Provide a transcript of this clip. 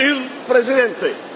il Presidente.